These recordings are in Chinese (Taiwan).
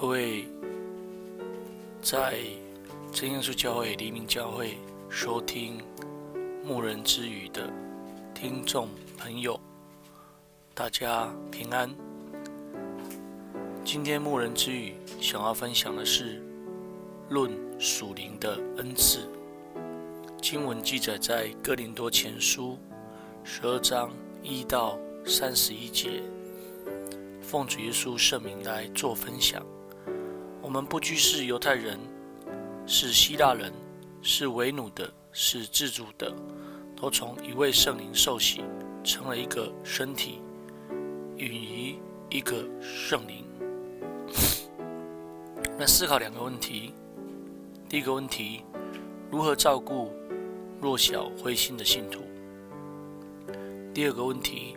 各位在真耶穌教會、黎明教會收聽牧人之語的聽眾朋友，大家平安。今天牧人之語想要分享的是論屬靈的恩賜。經文記載在哥林多前書十二章一到三十一節，奉主耶穌聖名來做分享。我們不拘，是猶太人，是希臘人，是為奴的，是自主的，都從一位聖靈受洗，成了一個身體，飲於一個聖靈。來 思考兩個問題：第一個問題，如何照顧弱小灰心的信徒；第二個問題，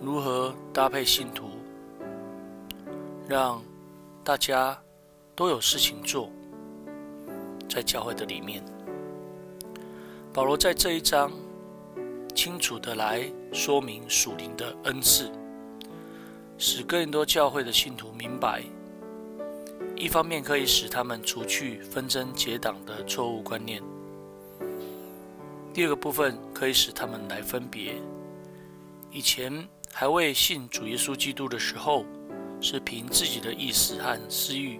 如何搭配信徒，讓大家，都有事情做，在教會的裡面，保羅在這一章清楚地來說明屬靈的恩賜，使哥林多教會的信徒明白：一方面可以使他們除去紛爭結黨的錯誤觀念；第二個部分可以使他們來分別，以前還未信主耶穌基督的時候，是憑自己的意思和私欲。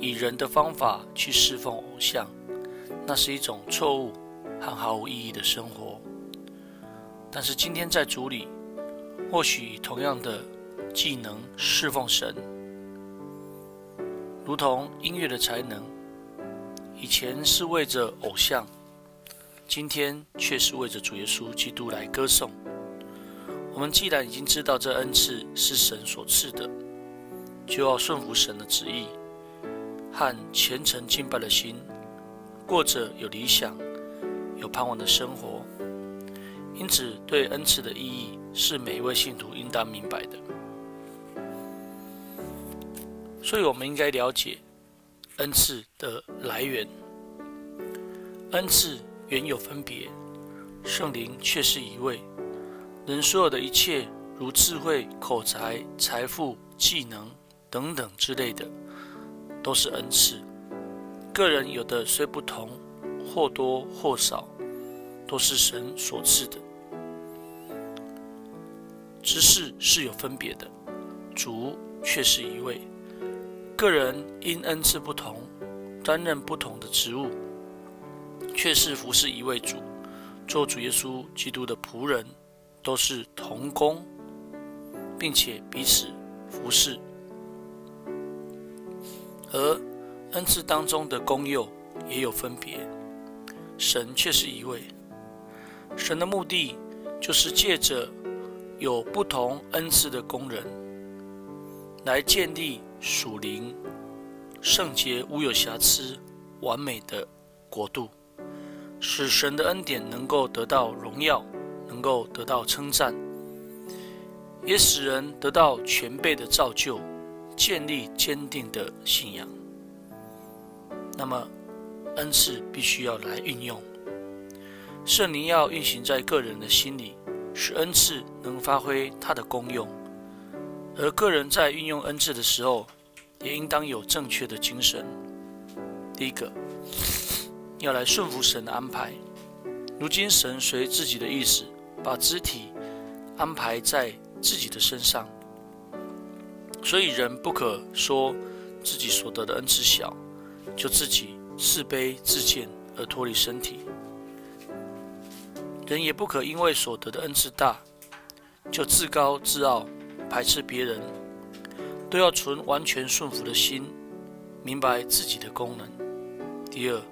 以人的方法去侍奉偶像，那是一種錯誤和毫無意義的生活。但是今天在主裡，或許同樣的技能侍奉神，如同音樂的才能，以前是為着偶像，今天卻是為着主耶穌基督來歌頌。我們既然已經知道這恩賜是神所賜的，就要順服神的旨意。和虔誠敬拜的心，過着有理想、有盼望的生活。因此，對恩賜的意義是每一位信徒應當明白的。所以，我們應該了解恩賜的來源。恩賜原有分別，聖靈卻是一位。人所有的一切，如智慧、口才、財富、技能等等之類的。都是恩賜，個人有的雖不同，或多或少，都是神所賜的。職事是有分別的，主卻是一位。個人因恩賜不同，擔任不同的職務，卻是服侍一位主，做主耶穌基督的僕人，都是同工，並且彼此服侍。而恩賜當中的功用也有分別，神卻是一位。神的目的就是借着有不同恩賜的工人，來建立屬靈、聖潔、無有瑕疵、完美的國度，使神的恩典能夠得到榮耀，能夠得到稱讚，也使人得到全備的造就。建立堅定的信仰。那麼，恩賜必須要來運用。聖靈要運行在個人的心裡，使恩賜能發揮它的功用。而個人在運用恩賜的時候，也應當有正確的精神。第一個，要來順服神的安排。如今神隨自己的意思，把肢體安排在自己的身上。所以人不可說自己所得的恩賜小，就自己自卑自賤而脫離身體；人也不可因為所得的恩賜大，就自高自傲排斥別人。都要存完全順服的心，明白自己的功能。第二，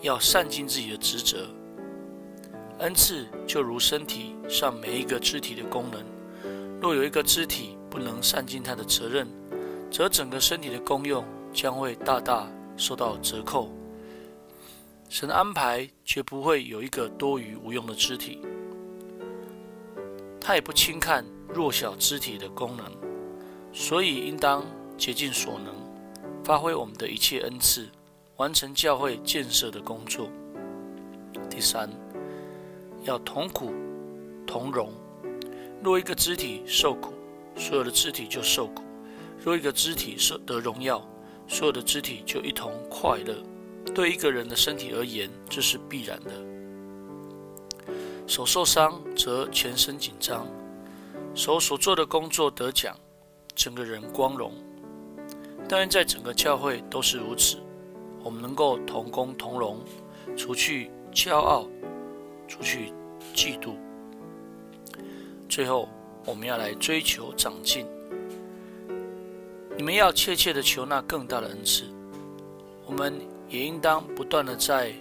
要善盡自己的職責。恩賜就如身體上每一個肢體的功能，若有一個肢體，不能善盡他的責任，則整個身體的功用將會大大受到折扣。神的安排絕不會有一個多餘無用的肢體，他也不輕看弱小肢體的功能，所以應當竭盡所能，發揮我們的一切恩賜，完成教會建設的工作。第三，要同苦同榮，若一個肢體受苦。所有的肢體就受苦；若一個肢體受得榮耀，所有的肢體就一同快樂。對一個人的身體而言，這是必然的。手受傷，則全身緊張；手所做的工作得獎，整個人光榮。但願在整個教會都是如此。我們能夠同工同榮，除去驕傲，除去嫉妒，最後。我們要來追求長進，你們要切切的求那更大的恩賜。我們也應當不斷的在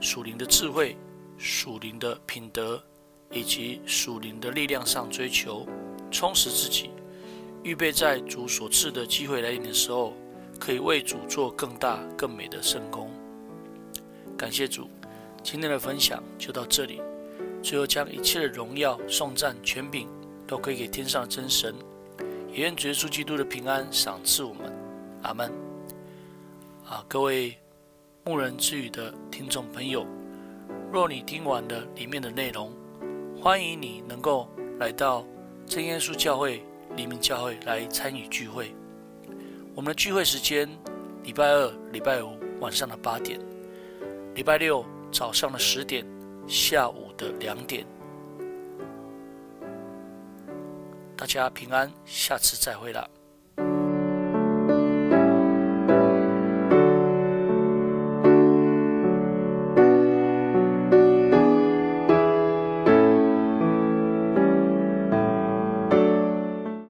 屬靈的智慧、屬靈的品德以及屬靈的力量上追求，充實自己，預備在主所賜的機會來臨的時候，可以為主做更大更美的聖工。感謝主，今天的分享就到這裡。最後，將一切的榮耀、頌讚、權柄。都可以給天上真神，也願主耶穌基督的平安賞賜我們，阿門。啊，各位牧人之語的聽眾朋友，若你聽完了裡面的內容，歡迎你能夠來到真耶穌教會黎明教會來參與聚會。我們的聚會時間：禮拜二、禮拜五晚上的八點，禮拜六早上的十點，下午的兩點。大家平安，下次再會了。